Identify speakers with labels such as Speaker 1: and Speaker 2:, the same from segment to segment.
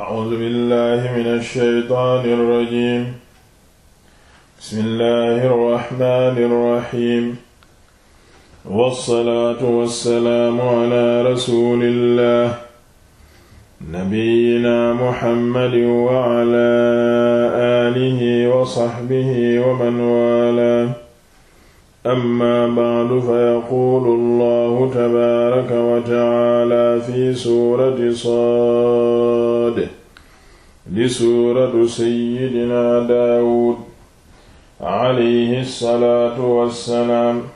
Speaker 1: أعوذ بالله من الشيطان الرجيم بسم الله الرحمن الرحيم والصلاة والسلام على رسول الله نبينا محمد وعلى آله وصحبه ومن والاه أما بعد فيقول الله تبارك وتعالى في سورة صاد di suuratu sayyidina daawud alayhi salaatu wassalaam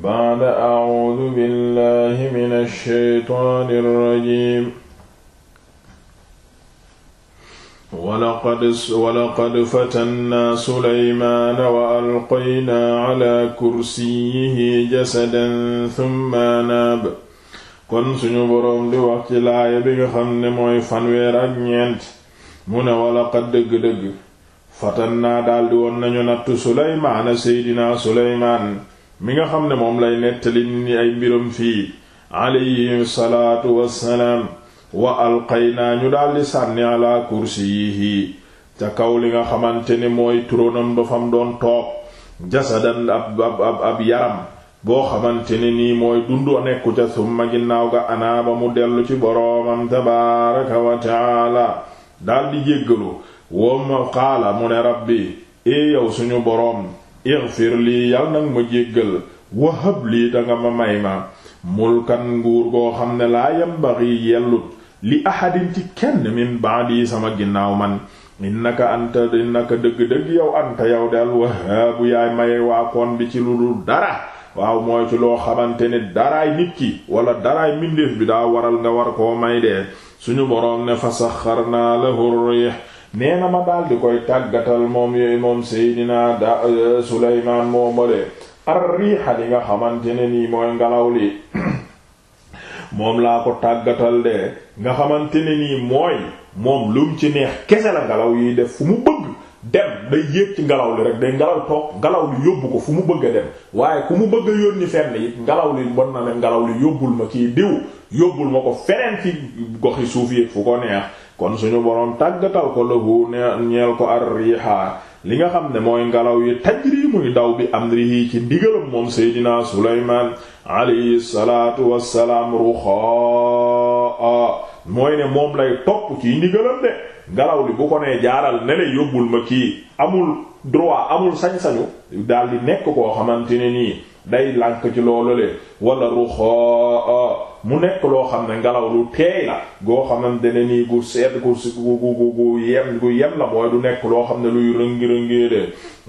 Speaker 1: ba'da a'uudu billahi minash shaytaanir rajiim walaqad walaqad fatanna sulaymaana wa alqaynaa ala kursiyihi jasadan thumma naab kon suñu boroom di wax bi nga ne mooy fanweer ak ñeent mu ne walaqad dëgg-dëgg fatannaa daldi woon nañu nattu sulaymaana seydinaa sulaymaan mi nga xam ne moom lay nettali ni ay mbiram fii alayhi salaatu wassalaam wa alqaynaa ñu daldi sànni ala kursiyihi ca kaw li nga xamante ne mooy tróonam ba fam doon toog jasadan ab ab ab yaram boo xamante ne nii mooy dundu nekku ca summa ginnaaw ga anaaba mu dellu ci boroomam tabaaraka daldi jéggalu wom xaala mu ne rabbi e yow suñu boroom igfir lii yal nag ma jéggal wahab lii danga ma may ma mulkan nguur goo xam ne laa yambaxi yellut li ahadin ci kenn min ba'di sama ginnaaw man innaka anta naka dëgg-dëgg yow anta yow del wahaabu yaay maye waa koon bi ci lu dul dara waaw mooy ci loo xamante ne daraay nit ki wala daraay mbindeef bi daa waral nga war koo may dee suñu boroom ne fa saxarnaa lahu rih nee na ma daal di koy tàggatal moom yooyu moom seydinaa da euh, Sulaymaan moomale ar riixa li nga xamante ne nii mooy ngelaw li moom laa ko tàggatal de nga xamante ne nii mooy moom lu mu ci neex kese la ngelaw yi def fu mu bëgg dem day yéeg ci ngelaw li rek day ngelaw toog ngelaw li yóbbu ko fu mu bëgg a dem waaye ku mu bëgg a yónni fenn it ngelaw li bon na ne ngelaw li yóbbul ma kii diw yóbbul ma ko feneen ci goxi suuf yi fu ko neex kon suñu boroom tàggatal ko lahu ñeel ko ar riha li nga xam ne mooy ngelaw yi tajri muy daw bi amrihi ci ndigalam moom seydinaa Sulaymaan alayhi salaatu wassalaam ruxaa mooy ne moom lay topp ci ndigalam de galaw li bu ko nee jaaral ne la yóbbul ma kii amul droit amul sañ-sañu daal di nekk koo xamante ne nii day lànk ci loolu le wala ruxaa mu nekk loo xam ne ngelaw lu teey la goo xamante ne nii gu seet gu gu gu gu yem la mooy du nekk loo xam ne luy rëngi-rëngee de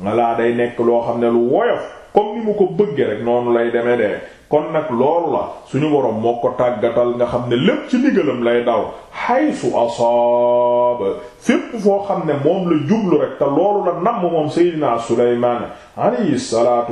Speaker 1: walaa day nekk loo xam ne lu woyof comme ni mu ko bëgge rek noonu lay deme de kon nag loolu la suñu boroom moo ko tàggatal nga xam ne lépp ci ndigalam lay daw haythu asaaba fépp foo xam ne moom la jublu rek te loolu la namm moom Seydina Sulaymaan alayhi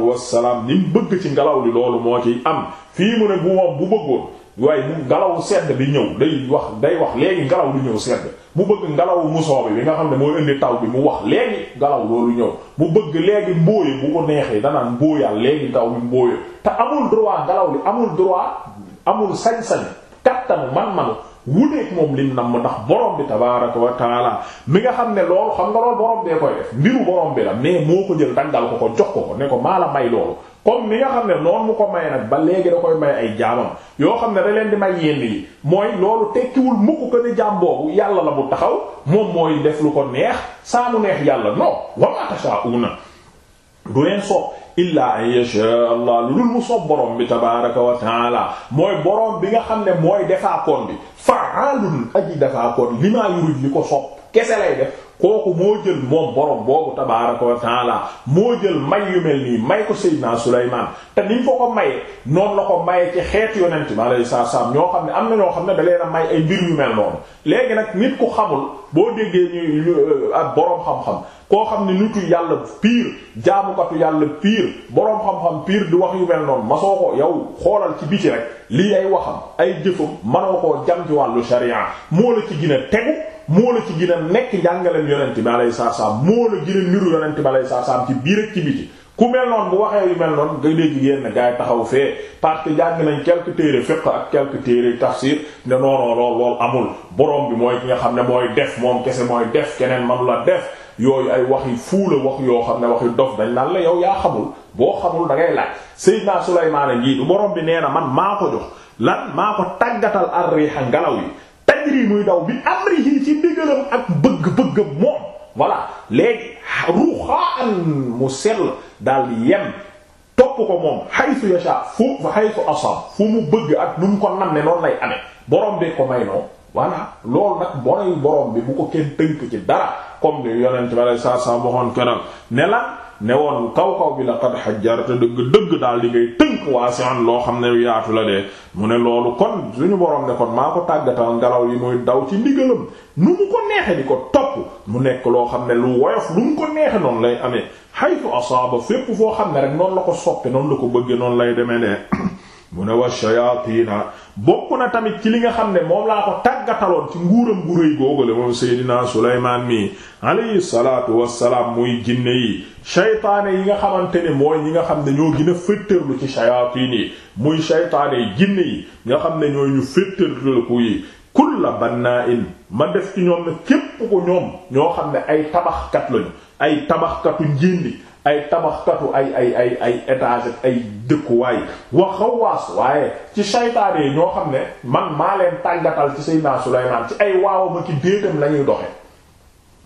Speaker 1: wassalaam ni bëgg ci ngelaw li loolu moo ciy am fii mu ne bu moom bu bëggoon waaye mu ngelawu sedd bi ñëw day wax day wax léegi ngelaw lu ñëw sedd mu bëgg ngelawu musoo bi bi nga xam ne mooy indi taw bi mu wax léegi ngelaw loolu ñëw mu bëgg léegi mbóoye bu ko neexee danaan mbóoyal léegi taw bi mbóoye te amul droit ngelaw li amul droit amul sañ-sañ kattanu man-manu wuteeg moom lim nam ndax borom bi tabaaraka wa taala mi nga xam ne loolu xam nga loolu borom bee koy def mbiru borom bi la mais moo ko jël daggal ko ko jox ko ko ko maa la may loolu comme ni nga xam ne noonu mu ko may nag ba léegi da koy may ay jaamam yoo xam ne da leen di may yenn yi mooy loolu tekkiwul mu ko a jaam bu yàlla la mu taxaw moom mooy def lu ko neex saa mu neex yàlla non wa ma tashaa'una du leen soob illaa an yasha allah lu dul mu soob borom bi tabaaraka wa taala mooy borom bi nga xam ne mooy defaakoon bi fa'aalun aji defaakoon limaa yurid li ko soob kese lay def kooku moo jël moom borom boobu tabaaraka wa taala moo jël may yu mel nii may ko Seydina Sulaymaan te niñ ko ko mayee noonu la ko mayee ci xeetu yonent bi alayhi salaam ñoo xam ne am na ñoo xam ne da leen ay mbir yu mel noonu léegi nag nit ku xamul boo déggee ñu euh, ak borom koo xam ne nitu yàlla piir jaamukatu yàlla piir boroom xam-xam piir wax yu mel noonu masoo ko yow xoolal ci biti rek lii ay waxam ay jëfam manoo ko jam ci wàllu sharia moo la ci gën a tegu moo la ci gën a nekk njàngaleem yonent bi alayhi salaam moo la gën a niru yonent bi alayhi salaam ci biir ak ci biti ku mel noonu bu waxee yu mel noonu nga dégg yenn gaa taxaw fee parti que jàng nañ quelques téere fiqh ak quelques téere tafsir ne noonoo lool lool amul borom bi mooy ki nga xam ne mooy def moom kese mooy def keneen manu la def yooyu ay wax yi fuu wax yoo xam ne wax yu dof dañ naan la yow yaa xamul boo xamul da ngay laaj Seydina Sulaymaan a njiitu borom bi nee na man maa ko jox lan maa ko tàggatal ar-riha ngelaw yi amri muy daw bi amrihi ci ndigalam ak bëgg-bëggam moom voilà léegi ruxaan mu sell daal di yem topp ko moom haythu yasha fu haythu asab fu mu bëgg ak nu mu ko nam ne noonu lay amee borom bi ko may noonu voilà loolu nag bonoy bi bu ko kenn tënk ci dara comme ni yonent bi sallallahu alayhi wasallam waxoon keroog ne ne woon kaw kaw bi la qad xajjarta dëgg dëgg daal di ngay tënk waasi'an loo xam ne yaatu la de mu ne loolu kon suñu borom ne kon maa ko tàggatal ngelaw yi muy daw ci ndigalam nu mu ko neexe di ko topp mu nekk loo xam ne lu woyof lu mu ko neexe noonu lay amee haytu asaaba fépp foo xam ne rek noonu la ko soppe noonu la ko bëggee noonu lay demee de mu ne wa shayaatiina bokk na tamit ci li nga xam ne moom laa ko tàggataloon ci nguuram gu rëy googale moom seydinaa suleymaan mi alayhi salaatu wassalaam muy jinne yi shaytaane yi nga xamante ne mooy ñi nga xam ne ñoo gën a féttërlu ci shayaatiin yi muy shaytaane yi jinne yi nga xam ne ñooy ñu féttërlu ku yi kulla bannaa'in ma def ci ñoom ne képp ko ñoom ñoo xam ne ay tabaxkat lañu ay tabaxkatu njindi ay tabaxkatu ay ay ay ay étage ay dëkkuwaay wa xawaas waaye ci saytaane yi ñoo xam ne man maa leen tàggatal ci Seydina Sulaymaan ci ay waawama ci déetam lañuy ñuy doxe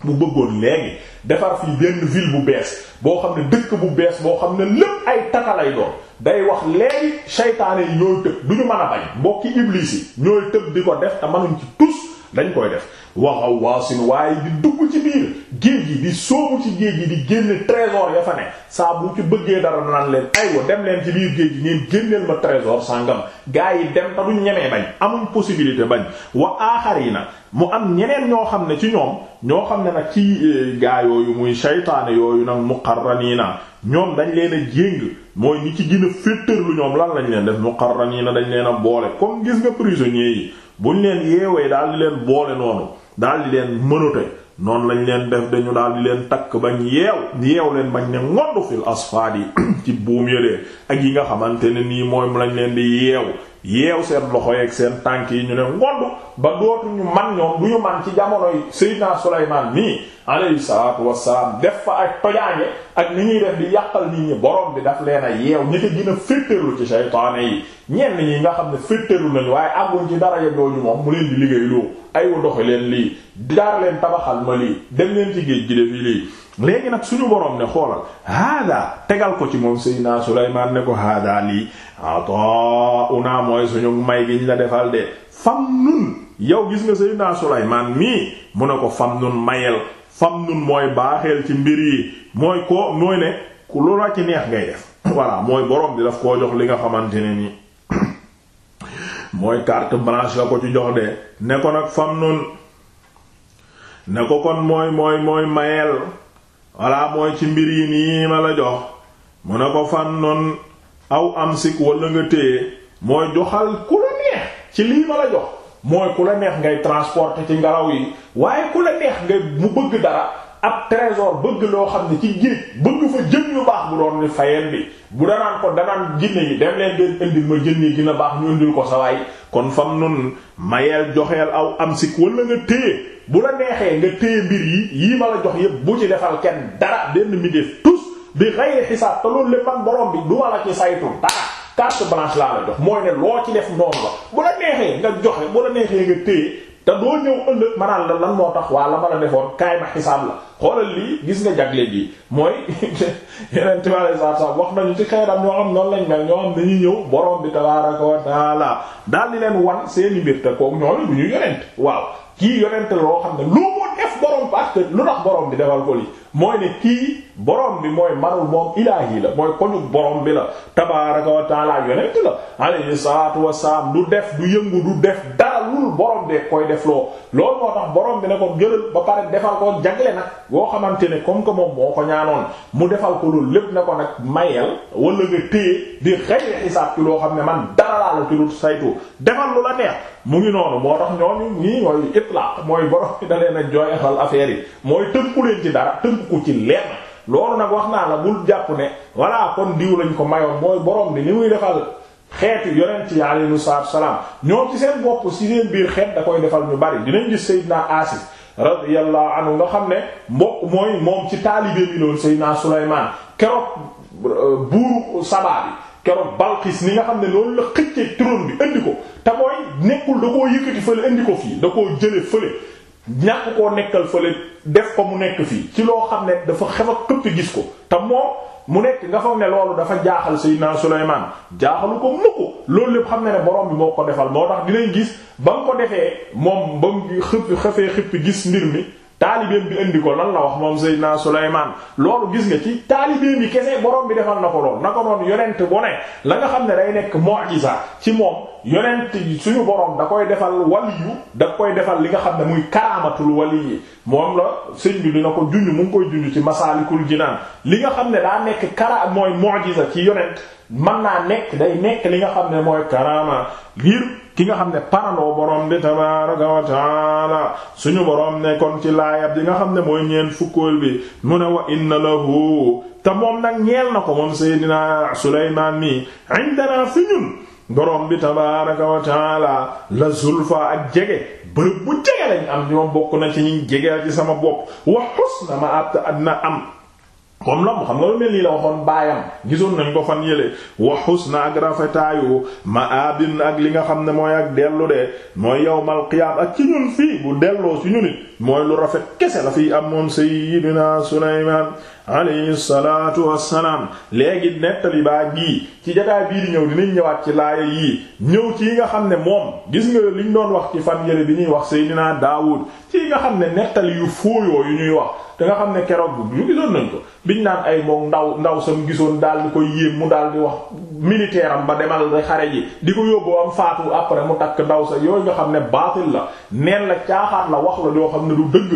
Speaker 1: bu bëggoon léegi defar fii benn ville bu bees boo xam ne dëkk bu bees boo xam ne lépp ay takalay doon day wax léegi saytaane yi ñooy tëb du ñu mën a bañ mbokki iblis yi ñooy tëb di ko def te mënuñ ci tus dañ koy def waxaw waasin waaye di dugg ci biir géej gi di sóobu ci géej gi di génne trésor ya fa ne saa bu ci bëggee dara naan leen aywa dem leen ci biir géej gi ngeen génneel ma trésor sàngam gaa yi dem ta duñ ñemee bañ amuñ possibilité bañ wa aaxar yi na mu am ñeneen ñoo xam ne ci ñoom ñoo xam ne nag ci e, gaa yooyu muy saytaane yooyu nag naa ñoom dañ leen a jéng mooy ñi ci gën a féttarlu ñoom lan lañ leen def muqarraniina dañ leen a boole comme gis nga prisonniers bu ñu leen yeewee daal leen boole noonu daal di leen mënute noonu lañu leen def dañu daal di leen takk bañ yeew yeew leen bañ ne ngondu fil asfaad yi ci buum yëlee ak yi nga xamante ne nii mooy lañ leen di yeew yeew seen loxo yeeg seen tànk yi ñu ne ngond ba ñu man ñoom duñu man ci jamono jamonoy Seydina Sulaymaan nii alayhi salaatu wassalaam def fa ak tojaange ak ni ñuy def di yàqal nit ñi borom bi daf leen a yeew ñi ko gën a féttéerlu ci saytaane yi ñenn ñi nga xam ne féttéerlu nañu waaye amuñ ci dara ya dooñu moom mu leen di liggéey loo ay wa doxi leen lii daar leen tabaxal ma lii dem leen ci ji gi defi lii léegi nag suñu borom ne xoolal haada tegal ko ci moom Seydina Sulaymaan ne ko haada lii ato ah, una mooy suñu may gi ñu la defal de fam nun yow gis nga Seydina Sulaymaan mii mu ne ko fam nun mayel fam nun mooy baaxeel ci mbir yi mooy ko mooy ne ku loola ci neex ngay def voilà mooy borom bi daf koo jox li nga xamante ne ni mooy carte blanche ko ci jox de ne ko nag fam nun ne ko kon mooy mooy mooy mayel voilà mooy ci mbir yi nii ma la jox mu ne ko fam nun aw amsik wala nga téye mooy joxal ku la neex ci lii ma la jox mooy ku la neex ngay transport ci ngelaw yi waaye ku la neex ngay mu bëgg dara ab trésor bëgg loo xam ne ci géej bëgg fa jën yu baax bu doon ni fayeen bi bu danaan ko danaan jinne yi dem leen ngeen indil ma jën yi dina baax ñu indil ko sa waay kon fam nun mayeel joxeel aw am amsik wala nga téye bu la neexee nga téye mbir yi yii ma la jox yépp bu ci defal kenn dara benn mi def bi xayri xisaab te loolu lépp man borom bi du ma la ci saytu dara carte blanche laa la jox mooy ne loo ci def noonu la bu la neexee nga joxe bu la neexee nga téye te doo ñëw ëllëg manaan la lan moo tax waa la a defoon kaay ma xisaab la xoolal lii gis nga jagle gi mooy yeneen tibaale saab saab wax nañu ci xeeram ñoo am noonu lañ mel ñoo xam dañuy ñëw borom bi tabaaraka wa taala daal di leen wan seeni mbir te kook ñoo du ñu yonent waaw kii yonent loo borom parce que lu tax borom bi defal ko lii mooy ne kii borom bi mooy manul moom ilaahi la mooy koñu borom bi la tabaaraka wa taala yonent la alayhi salaatu wa salaam du def du yëngu du def dara lul borom de koy def loo loolu moo tax borom bi ne ko jëlal ba pare defal ko jagle nag boo xamante ne comme que moom moo ko ñaanoon mu defal ko loolu lépp ne ko nag mayel wala nga téye di xëy xisaab ci loo xam ne man. dara laa la tuddu saytu defal lu la neex mu ngi noonu moo tax ñooñu nii mooy itlaq mooy borom bi da leen a jooyal affaire yi mooy tënku leen ci dara tënku ko ci lenn loolu nag wax naa la bul jàpp ne voilà kon diw lañ ko mayoon mooy borom bi li muy defal xeeti yonent yi alayhi salaam ñoom ci seen bopp ci seen biir xeet da koy defal ñu bari dinañ gis Seydina Asis radiyallahu anhu nga xam ne mbokk mooy moom ci taalibe bi loolu Seydina Sulaymaan keroog euh, buuru Saba keroog Balqis ni nga xam ne loolu la xëccee trône bi indi ko te mooy nekkul da koo yëkkati fële indi ko fii da koo jële fële ñàkk koo nekkal fële def ko mu nekk fii ci loo xam ne dafa xef a këpp gis ko te moom mu nekk nga foog ne loolu dafa jaaxal Seydina Sulaymaan jaaxalu ko mukk loolu lépp xam ne ne borom bi moo ko defal moo tax dinañ gis ba mu ko defee moom ba mu xëpp xëfee xëpp gis mbir mi taalibeem bi indi ko lan la wax moom Seydina Sulaymaan loolu gis nga ci taalibeem yi kese borom bi defal na ko lool na ko doon yonent bu la nga xam ne day nekk mu'jiza ci moom yonent suñu borom da koy defal waliyu da koy defal li nga xam ne muy karaamatul waliyi moom la sëñ bi na ko junj mu ngi koy junj ci masaalikul jinaan li nga xam ne daa nekk kara mooy mu'jiza ci yonent man naa nekk day nekk li nga xam ne mooy karaama ngir ki nga xam ne paraloo borom bi tabaaraka wa taala suñu borom ne kon ci laayab di nga xam ne mooy ñeent fukkool bi mu ne wa inna lahu te moom nag ñeel na ko moom Seydina Sulaymaan mi indana fi ñun borom bi tabaaraka wa taala la zulfa ak jege bërëb jege lañ am ñoom bokk na ci ñi jege ci sama bopp wa husna ma abta adna am comme la mu xam nga lu mel nii la waxoon baayam gisoon nañ ko fan yële wa husna ak rafetaayu ma abin ak li nga xam ne mooy ak dellu de mooy yawmal qiyaam ak ci ñun fii bu delloo ci ñun it mooy lu rafet kese la fi am moom sayyidina Sulaymaan alayhi salaatu wassalaam léegi nettali baa gii ci jotaay bii di ñëw dinañ ñëwaat ci laaya yii ñëw ci yi nga xam ne moom gis nga liñ doon wax ci fan yële bi ñuy wax dinaa Daawud ci yi nga xam ne nettali yu fooyoo yu ñuy wax te nga xam ne keroog bu ñu gisoon nañ ko biñ naan ay moom ndaw ndaw mu gisoon daal di koy yéem mu daal di wax militaire ba demal da xare ji di ko yóbbu am faatu après mu takk ndaw sa yooyu nga xam ne baatil la neen la caaxaat la wax la xam ne du dëgg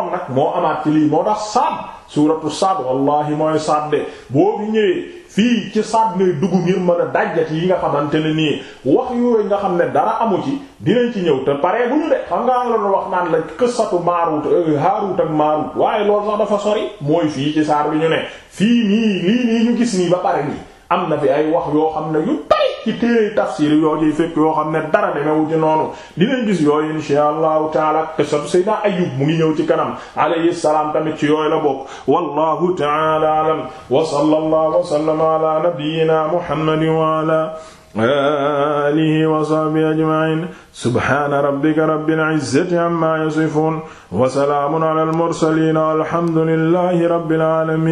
Speaker 1: meloon nag moo amaat ci lii moo tax Saad suuratu Saad wallahi mooy Saad de boo fi ñëwee fii ci Saad ngay dugg ngir mën a dajjat yi nga xamante ne nii wax yooyu nga xam ne dara amu ci dinañ ci ñëw te pare bu ñu de xam nga la doon wax naan la kësatu Maarut euh, Haarut ak Maarut waaye loolu sax dafa sori mooy fii ci saar bi ñu ne fii nii lii nii ñu gis nii ba pare nii am na fi ay wax yoo xam ne yu ci téere tafsir yoo ciy fekk yoo xam ne dara demewu ci noonu dinañ gis yooyu insha allahu taala qisatu sayyidina ayub mu ngi ñëw ci kanam alayhi salaam tamit ci yooyu la bokk wallahu taala alam wa sallallahu wa sallama ala nabiyyina muhammadin wa ala alihi wa sahbihi ajma'in subhana rabbika rabbil izzati amma yasifun wa salamun ala al mursalin walhamdulillahi rabbil alamin